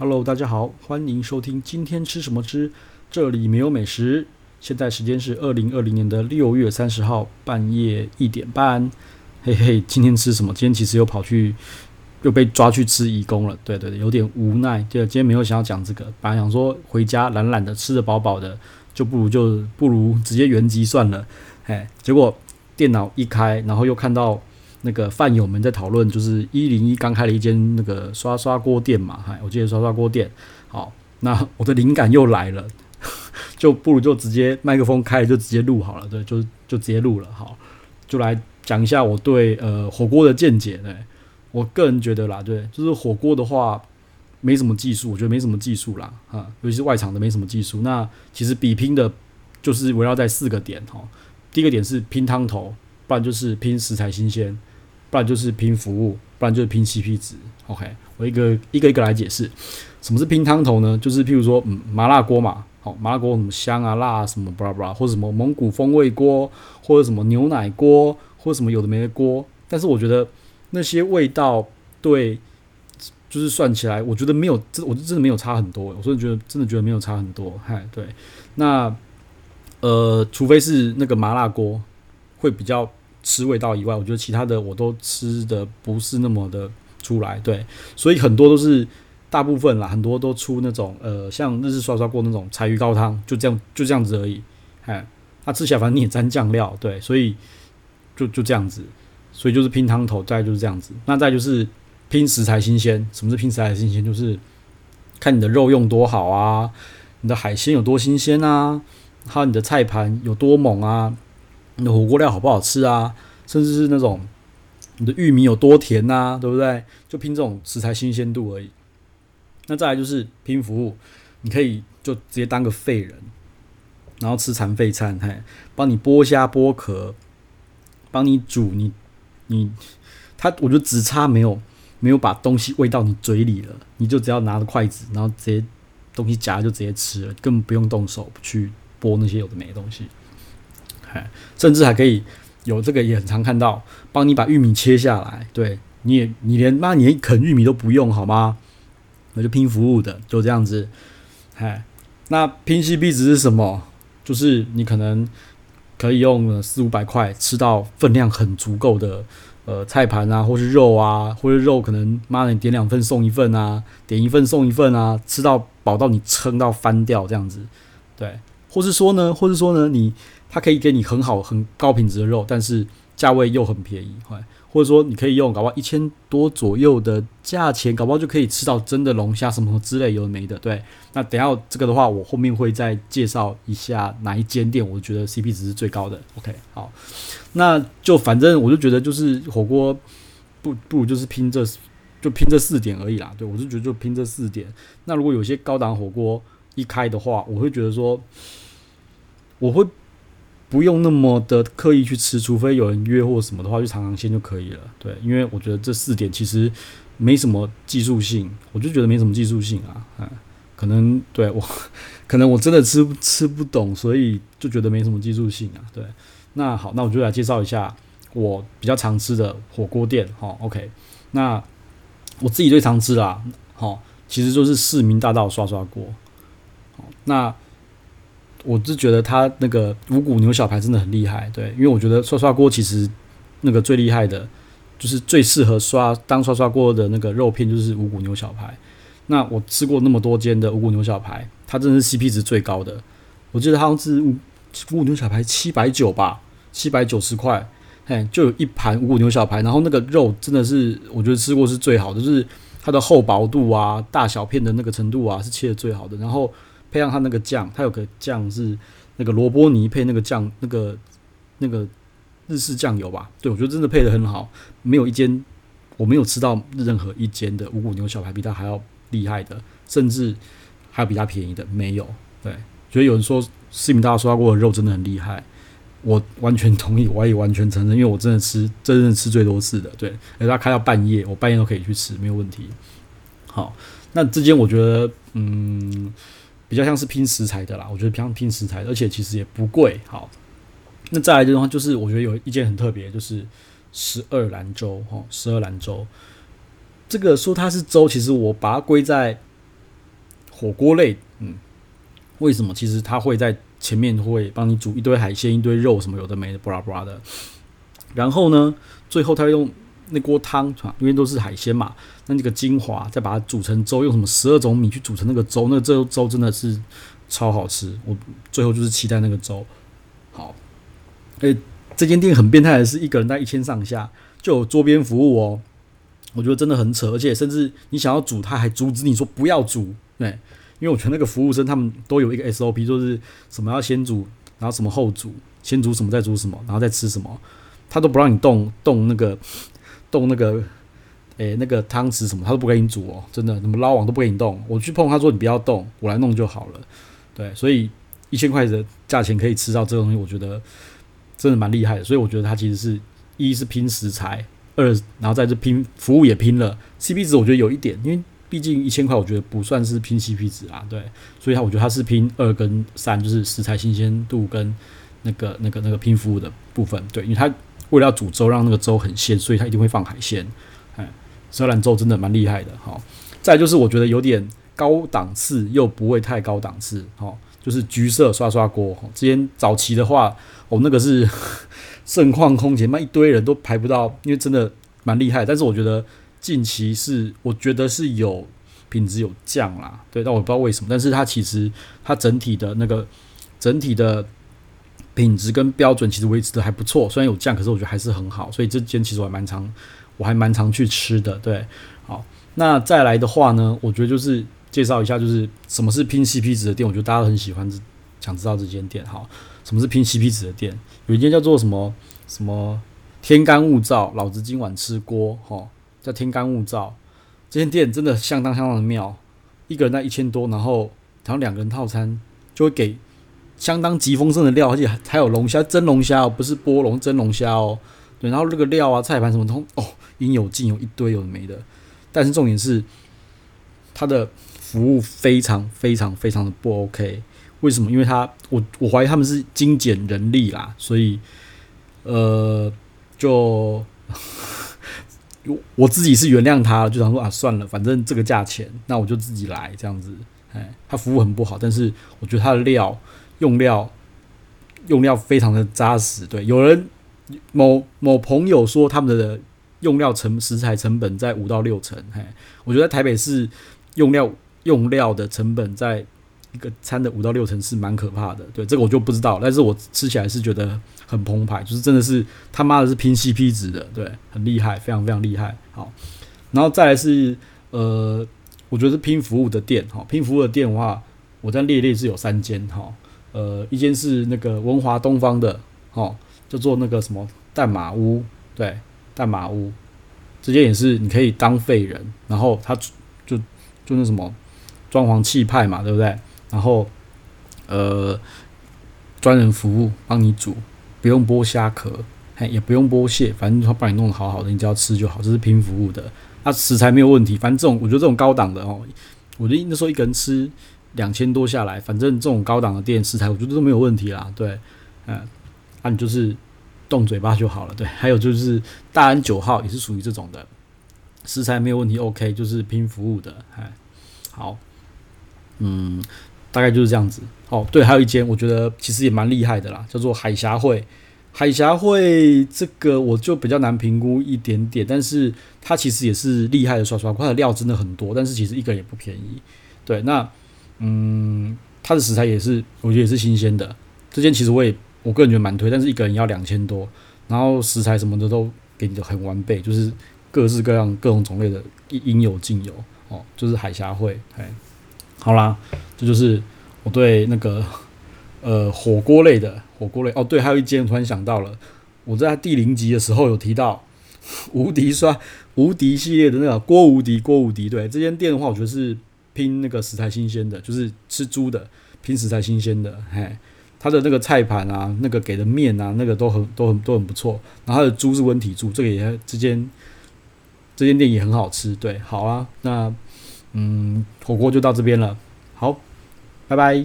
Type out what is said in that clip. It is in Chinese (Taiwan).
Hello，大家好，歡迎收聽今天吃什麼吃？這裡沒有美食。現在時間是二零二零年的六月三十號半夜一點半。嘿嘿，今天吃什麼？今天其實又跑去又被抓去吃義工了。對對對，有點無奈。對，今天沒有想要講這個，本來想說回家懶懶的，吃得飽飽的，就不如就不如直接原籍算了。哎，結果電腦一開，然後又看到。那個飯友們在討論，就是101剛開了一間那個刷刷鍋店嘛，嗨，我記得刷刷鍋店。好，那我的靈感又來了，就不如就直接麥克風開了就直接錄好了，對，就就直接錄了，好，就來講一下我對呃火鍋的見解。對我個人覺得啦，對，就是火鍋的話，沒什麼技術，我覺得沒什麼技術啦，哈，尤其是外場的沒什麼技術。那其實比拼的，就是圍繞在四個點哈，第一個點是拼湯頭，不然就是拼食材新鮮，不然就是拼服務，不然就是拼 CP 值。OK，我一個一個一個來解釋，什麼是拼湯頭呢？就是譬如說，嗯、麻辣鍋嘛，好，麻辣鍋什麼香啊、辣啊什麼，巴拉巴拉，或者什麼蒙古風味鍋，或者什麼牛奶鍋，或者什麼有的沒的鍋。但是我覺得那些味道對，就是算起來，我覺得沒有，真我真的沒有差很多。我所你覺得真的覺得沒有差很多。嗨，對，那呃，除非是那個麻辣鍋會比較。吃味道以外，我覺得其他的我都吃得不是那麼的出來，對，所以很多都是大部分啦，很多都出那種呃，像日式涮涮鍋那種柴魚高湯，就這樣就這樣子而已，哎，那、啊、吃起來反正你也沾醬料，對，所以就就這樣子，所以就是拼湯頭，大概就是這樣子。那再就是拼食材新鮮。什麼是拼食材新鮮？就是看你的肉用多好啊，你的海鮮有多新鮮啊，還有你的菜盤有多猛啊。你的火鍋料好不好吃啊？甚至是那種你的玉米有多甜啊，對不對？就拼這種食材新鮮度而已。那再來就是拼服務，你可以就直接當個廢人，然後吃殘廢餐，嘿，幫你剝蝦剝殼，幫你煮你你他，我就只差沒有沒有把東西餵到你嘴裡了，你就只要拿着筷子，然後直接東西夾就直接吃了，根本不用動手去剝那些有的沒的東西。甚至還可以有這個，也很常看到，幫你把玉米切下來，對你也，你連媽，你連啃玉米都不用，好嗎？那就拼服務的，就這樣子。那拼 CP 值是什麼？就是你可能可以用四五百塊吃到分量很足夠的呃菜盤啊，或是肉啊，或者肉可能媽的你點兩份送一份啊，點一份送一份啊，吃到飽到你撐到翻掉這樣子，對，或是說呢，或是說呢，你。它可以給你很好、很高品質的肉，但是價位又很便宜，或者說你可以用搞不好一千多左右的價錢，搞不好就可以吃到真的龍蝦什麼之類有的沒的，對，那等下這個的話，我後面會再介紹一下哪一間店，我覺得 CP 值是最高的。OK，好，那就反正我就覺得就是火鍋不不如就是拼這就拼這四點而已啦。對，我就覺得就拼這四點。那如果有些高檔火鍋一開的話，我會覺得說我會。不用那麼的刻意去吃，除非有人約或什麼的話，就嘗嘗鮮就可以了。對，因為我覺得這四點其實沒什麼技術性，我就覺得沒什麼技術性啊。嗯，可能對我，可能我真的吃不吃不懂，所以就覺得沒什麼技術性啊。對，那好，那我就來介紹一下我比較常吃的火鍋店。好，OK，那我自己最常吃啦。好，其實就是市民大道涮涮鍋。好，那。我是覺得它那個無骨牛小排真的很厲害，對，因為我覺得涮涮鍋其實那個最厲害的，就是最適合刷當涮涮鍋的那個肉片就是無骨牛小排。那我吃過那麼多間的無骨牛小排，它真的是 CP 值最高的。我記得好像是無無骨牛小排七百九吧，七百九十塊，嘿，就有一盤無骨牛小排，然後那個肉真的是我覺得吃過是最好的，就是它的厚薄度啊、大小片的那個程度啊，是切得最好的，然後。配上他那個醬，他有個醬是那個蘿蔔泥配那個醬，那個那個日式醬油吧。對，我覺得真的配得很好。沒有一間，我沒有吃到任何一間的五穀牛小排比它還要厲害的，甚至還有比它便宜的，沒有。對，所以有人說市民大道涮過的肉真的很厲害，我完全同意，我也完全承認，因為我真的吃，真的吃最多次的。對，而他開到半夜，我半夜都可以去吃，沒有問題。好，那這間我覺得，嗯。比較像是拼食材的啦，我覺得比較像拼食材的，而且其實也不貴。好，那再來的話就是，我覺得有一件很特別，就是十二籃粥哈，十二籃粥。這個說它是粥，其實我把它歸在火鍋類。嗯，為什麼？其實它會在前面會幫你煮一堆海鮮、一堆肉什麼有的沒的，布拉布拉的。然後呢，最後它用。那鍋湯，因為都是海鮮嘛，那那個精華，再把它煮成粥，用什麼十二種米去煮成那個粥，那這個粥真的是超好吃。我最後就是期待那個粥。好，誒，這間店很變態的是，一個人在一千上下就有桌邊服務哦，我覺得真的很扯。而且甚至你想要煮，他還阻止你說不要煮，哎，因為我覺得那個服務生他們都有一個 SOP，就是什麼要先煮，然後什麼後煮，先煮什麼再煮什麼，然後再吃什麼，他都不讓你動動那個。動那個，欸，那個湯匙什麼，他都不給你煮喔，真的，什麼撈網都不給你動。我去碰，他說你不要動，我來弄就好了。對，所以一千塊的價錢可以吃到這個東西，我覺得真的蠻厲害的。所以我覺得它其實是一是拼食材，二然後在這拼服務也拼了。CP 值我覺得有一點，因為畢竟一千塊，我覺得不算是拼 CP 值啦。對，所以他我覺得它是拼二跟三，就是食材新鮮度跟那個那個那個拼服務的部分。對，因為它。為了要煮粥，讓那個粥很鮮，所以他一定會放海鮮。哎、嗯，十二籃粥真的蠻厲害的哈、哦。再來就是我覺得有點高檔次，又不會太高檔次，哈、哦，就是橘色涮涮鍋、哦。之前早期的話，我、哦、那個是盛況空前，那一堆人都排不到，因為真的蠻厲害。但是我覺得近期是，我覺得是有品質有降啦，對。但我不知道為什麼，但是它其實它整體的那個整體的。品質跟標準其實維持的還不錯，雖然有降，可是我覺得還是很好，所以這間其實我還蠻常，我還蠻常去吃的。對，好，那再來的話呢，我覺得就是介紹一下，就是什麼是拼 CP 值的店，我覺得大家都很喜歡，想知道這間店。哈，什麼是拼 CP 值的店？有一間叫做什麼什麼天乾物燥，老子今晚吃鍋，哈、哦，叫天乾物燥。這間店真的相當相當的妙，一個人在一千多，然後然後兩個人套餐就會給。相當極豐盛的料，而且還有龍蝦，蒸龍蝦哦，不是波龍，蒸龍蝦哦，對，然後那個料啊，菜盤什麼通哦，應有盡有，一堆有的沒的。但是重點是，他的服務非常非常非常的不 OK，為什麼？因為他，我我懷疑他們是精簡人力啦，所以，呃，就 我自己是原諒他就想說啊，算了，反正這個價錢，那我就自己來這樣子。哎，他服務很不好，但是我覺得他的料。用料，用料非常的扎實。對，有人某某朋友說他們的用料成食材成本在五到六成。嘿，我覺得台北市用料用料的成本在一個餐的五到六成是蠻可怕的。對，這個我就不知道，但是我吃起來是覺得很澎湃，就是真的是他媽的是拼 CP 值的，對，很厲害，非常非常厲害。好，然後再來是呃，我覺得是拼服務的店，哈、哦，拼服務的店的話，我在列列是有三間，哈、哦。呃，一間是那個文華東方的，哦，叫做那個什麼淡馬屋，對，淡馬屋，這間也是你可以當廢人，然後他就就那什麼，裝潢氣派嘛，對不對？然後呃，專人服務幫你煮，不用剝蝦殼，嘿，也不用剝蟹，反正他幫你弄得好好的，你只要吃就好。這是拼服務的，啊，食材沒有問題。反正這種，我覺得這種高檔的哦，我覺得那時候一個人吃。兩千多下來，反正這種高檔的店食材，我覺得都沒有問題啦。對，嗯，那你就是動嘴巴就好了。對，還有就是大安九號也是屬於這種的食材沒有問題，OK，就是拼服務的。哎，好，嗯，大概就是這樣子。哦，對，還有一間，我覺得其實也蠻厲害的啦，叫做海峽會。海峽會這個我就比較難評估一點點，但是它其實也是厲害的涮涮，它的料真的很多，但是其實一個也不便宜。對，那。嗯，它的食材也是，我覺得也是新鮮的。這間其實我也我個人覺得蠻推，但是一個人要兩千多，然後食材什麼的都給你的很完備，就是各式各樣、各種種類的應應有盡有哦。就是海峽會。好啦，這就是我對那個呃火鍋類的火鍋類哦。對，還有一間我突然想到了，我在第零集的時候有提到無敵帥無敵系列的那個郭無敵郭無敵，對，這間店的話，我覺得是拼那個食材新鮮的，就是吃豬的，拼食材新鮮的，嘿，他的那個菜盤啊，那個給的麵啊，那個都很都很都很不錯。然後他的豬是溫體豬，這個也，這間這間店也很好吃。對，好啊，那嗯，火鍋就到這邊了，好，拜拜。